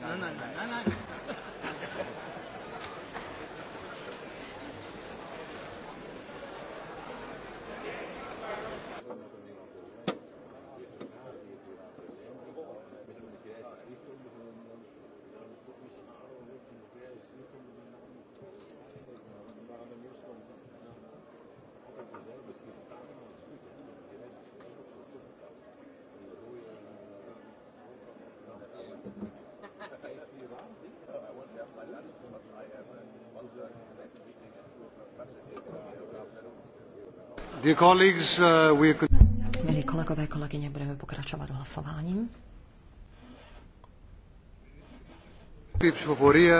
No, no, no, no, no. Uh, Milí kolegové, kolegyně, budeme pokračovat v hlasováním. Ψηφοφορία